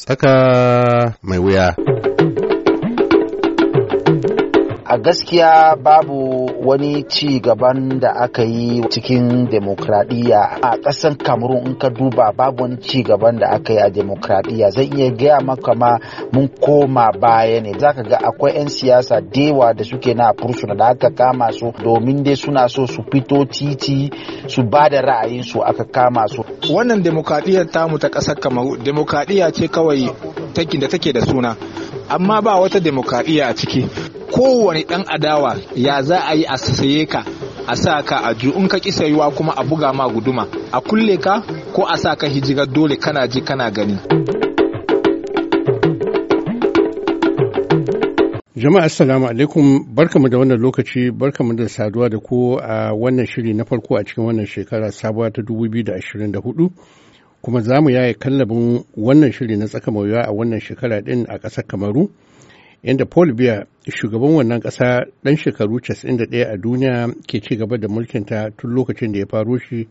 Saka mai wuya. a gaskiya babu wani ci gaban da aka yi cikin demokradiyya a ƙasar kamarun in ka duba babu wani ci gaban da aka yi a demokradiyya zan iya gaya maka ma mun koma baya ne zaka ga akwai 'yan siyasa dewa da suke na fursuna da aka kama su domin dai suna so su fito titi su ba da ra'ayin aka kama su wannan demokradiyyar tamu ta ƙasar kamaru demokradiyya ce kawai da take da suna amma ba wata demokradiyya a ciki kowane ɗan adawa ya za a yi a saye ka a sa ka a ju in ka ki sayuwa kuma a buga ma guduma a kulle ka ko a sa ka hijira dole kana ji kana gani Jama'a assalamu alaikum barkamu da wannan lokaci barkamu da saduwa da ku a wannan shiri na farko a cikin wannan shekara sabuwa ta 2024 kuma za mu yaye kallabin wannan shiri na tsaka mawuya a wannan shekara din a ƙasar Kamaru. inda Paul Biya shugaban wannan ƙasa ɗan shekaru 91 a duniya ke ci gaba da ta tun lokacin da ya faro shi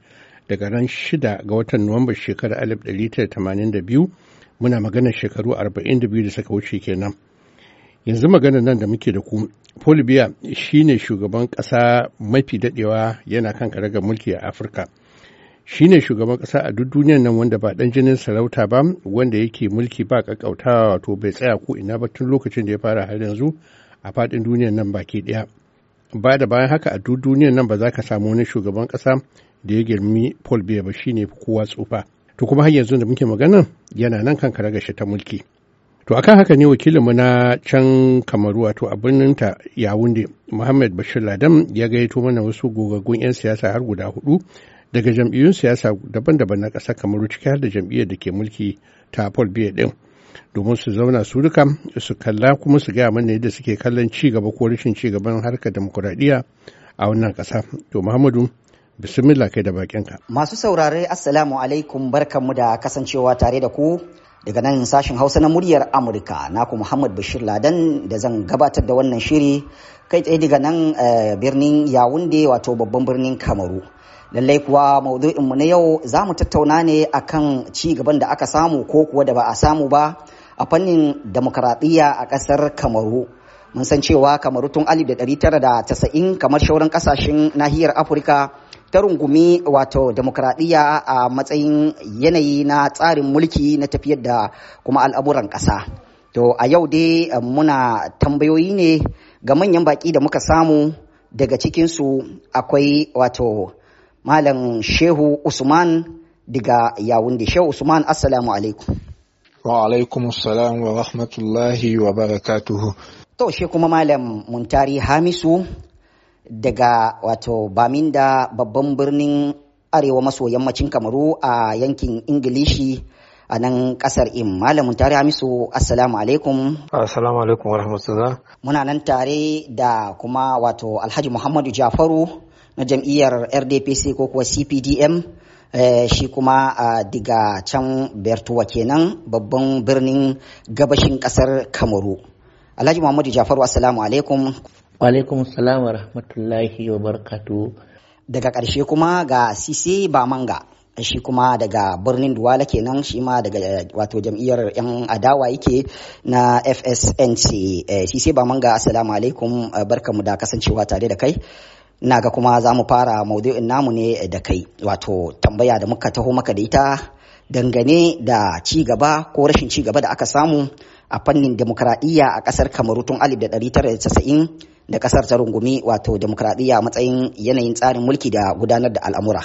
daga ran 6 ga watan Nuwamba shekarar 1982 muna maganar shekaru 42 da suka wuce kenan. Yanzu maganar nan da muke da ku, Paul Biya shine shugaban ƙasa mafi daɗewa yana kan karagar mulki a Afirka. shine shugaban ƙasa a duk duniyar nan wanda ba dan jinin sarauta ba wanda yake mulki ba kakauta wato bai tsaya ko ina ba tun lokacin da ya fara har yanzu a faɗin duniyar nan baki ɗaya ba da bayan haka a duk duniyar nan ba za ka samu wani shugaban kasa da ya girmi Paul Biya ba shine kowa tsufa to kuma har yanzu da muke magana yana nan kan shi ta mulki to akan haka ne wakilinmu na can kamaru wato a birninta yawunde muhammad bashir ladam ya gaito mana wasu gogaggun 'yan siyasa har guda hudu daga jam'iyyun siyasa daban-daban na ƙasa kamar ciki har da jam'iyyar da ke mulki ta paul biya ɗin domin su zauna su duka su kalla kuma su gaya mana yadda suke kallon ci gaba ko rashin ci gaban harkar demokuraɗiyya a wannan ƙasa to muhammadu bismillah kai da bakinka masu saurare assalamu alaikum barkanmu da kasancewa tare da ku daga nan sashen hausa na muryar amurka naku muhammad bashir ladan da zan gabatar da wannan shiri kai tsaye daga nan eh, birnin yawunde wato babban birnin kamaru lallai kuwa maudu'in mu na yau za mu tattauna ne akan ci gaban da aka samu ko kuwa da ba a samu ba a fannin demokaradiyya a ƙasar kamaru mun san cewa kamaru tun 1990 kamar shauran ƙasashen nahiyar afirka ta rungumi wato demokradiyya a matsayin yanayi na tsarin mulki na tafiyar da kuma al'amuran ƙasa to a yau dai eh, muna tambayoyi ne ga manyan baƙi da muka samu daga cikinsu akwai wato Malam Shehu Usman daga Yawunde. Shehu Usman, Assalamu alaikum. Wa alaikum salam wa rahmatullahi wa barakatuhu. To, shi kuma Malam Muntari Hamisu daga wato Baminda babban birnin arewa maso yammacin Kamaru a yankin Ingilishi. a nan kasar im Malam tare hamisu assalamu alaikum assalamu alaikum wa rahmatullah muna nan tare da kuma wato alhaji muhammadu jafaru na jam'iyyar rdpc ko kuwa cpdm eh, shi kuma daga can bertuwa kenan babban birnin gabashin kasar kamaru alhaji muhammadu jafaru assalamu alaikum alaikum salam wa rahmatullahi wa barkatu daga ƙarshe kuma ga sisi ba manga shi kuma daga birnin duwala kenan shi ma daga wato jam'iyyar yan adawa yake na fsnc sisi eh, ba manga assalamu alaikum barkamu da kasancewa tare da kai ina ga kuma za mu fara maudu'in namu ne da kai wato tambaya da muka taho maka da ita dangane da ci gaba ko rashin ci gaba da aka samu a fannin demokradiyya a kasar kamaru tun 1990 da kasar ta rungumi wato demokradiyya matsayin yanayin tsarin mulki da gudanar da al'amura.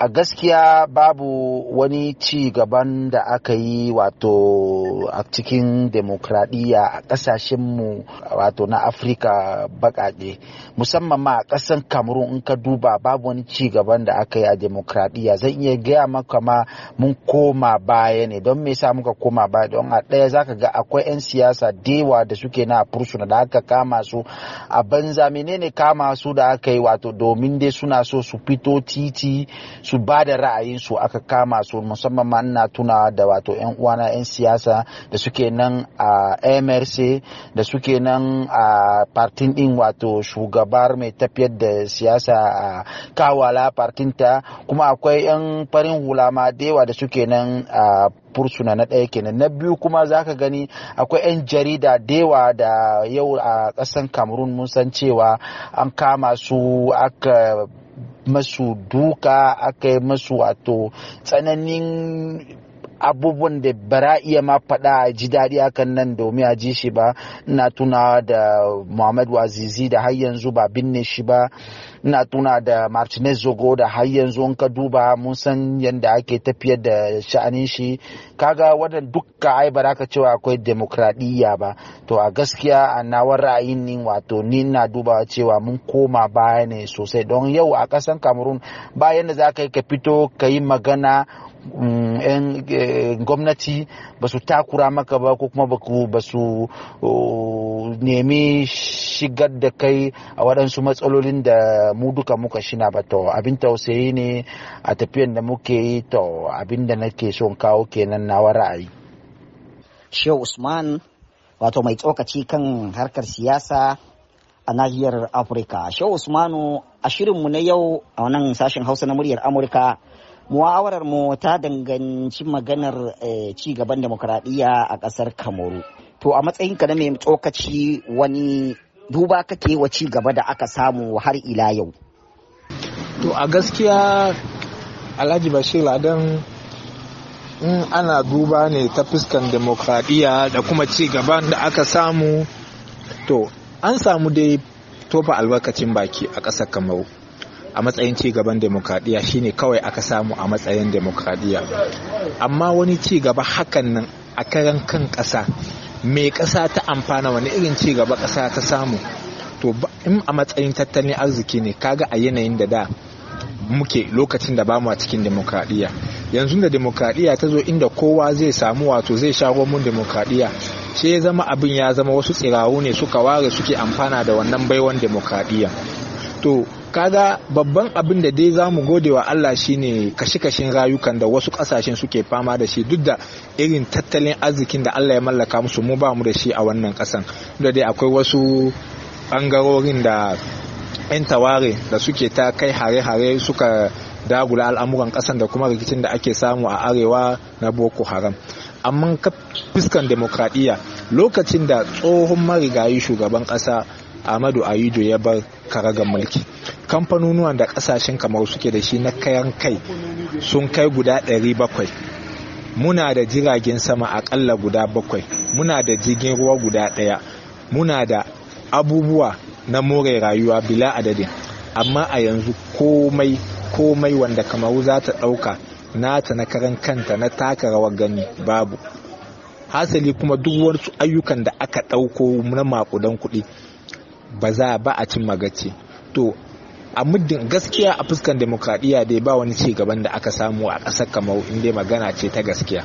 a gaskiya babu wani ci gaban da aka yi wato a cikin demokradiyya a kasashenmu wato na afirka bakake musamman ma a ƙasar cameroon in ka duba babu wani ci gaban da aka yi a demokradiyya zan iya gaya maka ma mun koma baya ne don me sa muka koma baya don a ɗaya ka ga akwai 'yan siyasa dewa da suke na fursuna da aka kama su a banza menene kama su da aka yi wato domin dai suna so su fito titi su ba da su aka kama su musamman ma ina tuna da wato 'yan uwana 'yan siyasa da suke nan a mrc da suke nan a partin din wato shugabar mai tafiyar da siyasa a kawala partin ta kuma akwai 'yan farin hula ma da yawa da suke nan a fursuna na ɗaya kenan na biyu kuma zaka gani akwai 'yan jarida dewa da yau a ƙasar cameroon mun san cewa an kama su aka mesu duka ake mesu atu. abubuwan da bara iya ma faɗa a ji daɗi akan nan domin a ji shi ba na tuna da muhammadu wazizi da har yanzu ba binne shi ba ina tuna da martinez zogo da har yanzu ka duba mun san yadda ake tafiyar da sha'anin shi kaga wannan dukka ai ba ka cewa akwai demokradiyya ba to a gaskiya a nawar ra'ayin nin wato ni na duba cewa mun koma baya ne sosai don yau a ƙasan cameroon bayan da za ka yi ka fito ka yi magana Mm, 'yan eh, gwamnati ba su takura maka ba ko kuma ba su nemi shigar da kai a waɗansu matsalolin da mu duka muka shina ba to abin tausayi ne a tafiyan da muke yi to abin da nake son kawo kenan nawa ra'ayi. Shehu Usman wato mai tsokaci kan harkar siyasa a nahiyar Afirka. Shehu Usmanu a shirinmu na yau a wannan sashen Hausa na muryar Amurka. mu'awarar mu ta danganci maganar eh, ci gaban demokuraɗiyya a ƙasar kamaru to a matsayin ka na mai tsokaci wani duba kake wa ci gaba da aka samu har ila yau to a gaskiya alhaji bashir ladan in ana duba ne ta fuskan demokradiyya da kuma ci gaban da aka samu to an samu dai tofa albarkacin baki a ƙasar kamaru a matsayin ci gaban demokradiyya shine kawai aka samu a matsayin demokradiyya amma wani ci gaba hakan nan a karan kan ƙasa mai ƙasa ta amfana wani irin ci gaba ƙasa ta samu to in a matsayin tattalin arziki ne kaga a yanayin da da muke lokacin da bamu a cikin demokradiyya yanzu da demokradiyya ta zo inda kowa zai samu wato zai sha mun demokradiyya sai ya zama abin ya zama wasu tsirawu ne suka ware suke amfana da wannan baiwan demokradiyya to kaga babban abin da dai za mu gode wa Allah shine kashe-kashen rayukan da wasu kasashen suke fama da shi duk da irin tattalin arzikin da Allah ya mallaka musu mu ba mu da shi a wannan kasan da dai akwai wasu bangarorin da 'yan taware da suke ta kai hare-hare suka dagula al'amuran kasan da kuma rikicin da ake samu a arewa na boko haram amma ka fuskan demokradiyya lokacin da tsohon marigayi shugaban kasa Ahmadu Ayijo ya bar karagar mulki. Kamfanonuwan da kasashen kamar suke da shi na kayan kai sun kai guda 700. Muna da jiragen sama akalla guda bakwai, muna da jirgin ruwa guda ɗaya, muna da abubuwa na more rayuwa bila adadin, amma a yanzu komai komai wanda kamar za ta ɗauka nata na karan kanta na taka rawar gani babu hasali kuma duk wasu ayyukan da aka ɗauko na makudan kuɗi ba za ba a cin magace to a muddin gaskiya a fuskan demokradiyya dai ba wani ci gaban da aka samu a ƙasar kamau inda dai magana ce ta gaskiya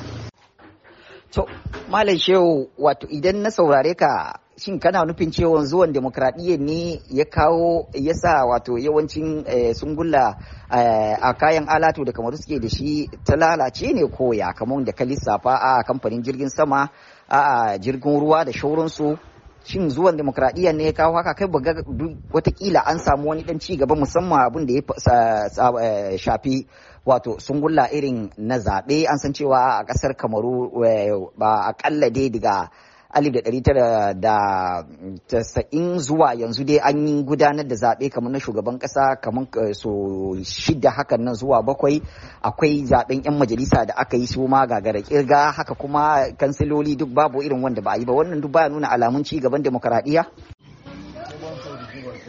to malam shehu wato idan na saurare ka shin kana nufin cewa zuwan demokradiyya ne ya kawo ya sa wato yawancin eh, sungulla eh, a kayan alatu da kamar suke da shi ta lalace ne ko ya kamar da ka lissafa a kamfanin jirgin sama a jirgin ruwa da shauransu shin zuwan demokradiyya ne ya kawo haka kai duk watakila an samu wani dan ci gaba musamman abin da ya eh, shafi wato sungulla irin na zaɓe an san cewa a ƙasar kamaru eh, ba akalla dai daga alif da ɗari tara da tasa'in zuwa yanzu dai an yi gudanar da zaɓe kamar na shugaban ƙasa kamar eh, so shida hakan nan zuwa bakwai akwai zaɓen 'yan majalisa da aka yi su ma gagara kirga haka kuma kansiloli duk babu irin wanda ba a yi ba wannan duk baya nuna alamun ci gaban demokaradiyya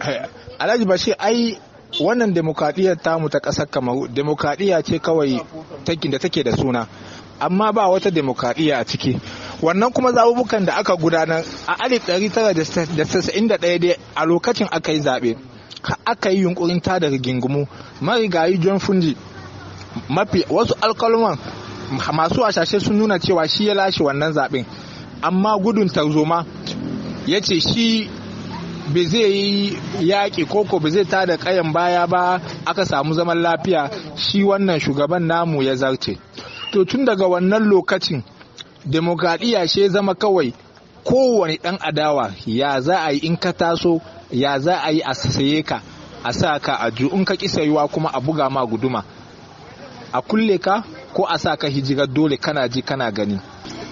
eh, alhaji bashir ai wannan demokradiyyar tamu ta ƙasar kamaru demokradiyya ce kawai da take da suna amma ba wata demokradiyya a ciki wannan kuma zabubukan da aka gudanar a alif da ɗaya dai a lokacin aka yi zaɓe aka yi yunkurin tada rigingimu marigayi john fungi mafi wasu alkalman masu washashe sun nuna cewa shi ya lashe wannan zaɓen amma gudun tarzoma ya ce shi ba zai yi yaƙi koko ba zai tada ƙayan baya ba aka samu zaman lafiya shi wannan shugaban namu ya zarce to tun daga wannan lokacin demokradiyya she zama kawai kowane ɗan adawa ya za a yi in ka taso ya za a yi a saye ka a sa ka a ju in ka ki sayuwa kuma a buga ma guduma a kulle ka ko a sa ka hijira dole kana ji kana gani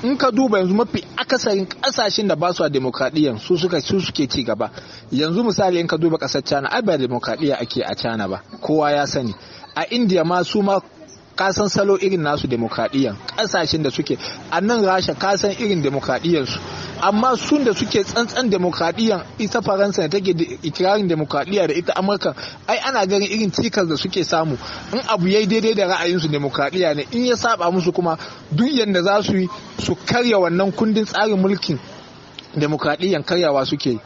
in ka duba yanzu mafi akasarin kasashen da ba su a demokradiyya su suka su suke ci gaba yanzu misali in ka duba kasar cana ai ba demokradiyya ake a cana ba kowa ya sani a India ma su ma kasan salo irin nasu demokradiyyar kasashen da suke a nan rasha kasan irin demokradiyyar su amma sun da suke tsantsan demokradiyyar ita faransa da take ikirarin demokradiyya da ita amurka ai ana ganin irin cikas da suke samu in abu yayi daidai da ra'ayinsu demokradiyya ne in ya saba musu kuma duk yanda za su yi su karya wannan kundin tsarin mulkin demokradiyyar karyawa suke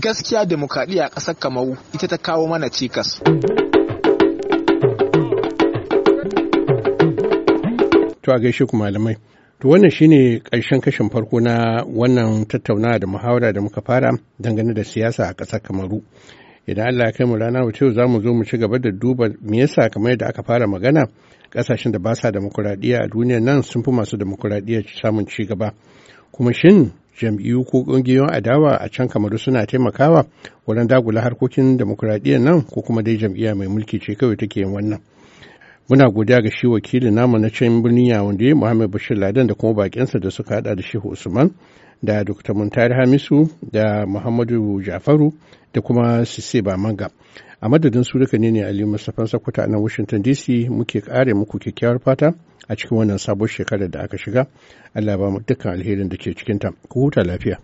gaskiya demokradiyya a ƙasar kamaru ita ta kawo mana cikas. To a gaishe ku malamai. To wannan shine ƙarshen kashin farko na wannan tattaunawa da muhawara da muka fara dangane da siyasa a ƙasar Kamaru. Idan Allah ya kai mu rana yau za mu zo mu ci gaba da duba me yasa kamar yadda aka fara magana ƙasashen da ba sa demokuraɗiyya a duniya nan sun fi masu demokuraɗiyya samun ci gaba. Kuma shin jam'iyyu ko ƙungiyoyin adawa a can kamaru suna taimakawa wurin dagula harkokin demokuraɗiyyar nan ko kuma dai jam'iyya mai mulki ce kawai take yin wannan. muna godiya ga shi wakilin namu na can birnin yawon muhammad bashir ladan da kuma bakinsa da suka hada da shehu usman da dr muntari hamisu da muhammadu jafaru da kuma sise manga a madadin su duka ne ne aliyu mustapha sakwata a nan washington dc muke kare muku kyakkyawar fata a cikin wannan sabon shekarar da aka shiga allah ba mu dukkan alherin da ke cikinta ku huta lafiya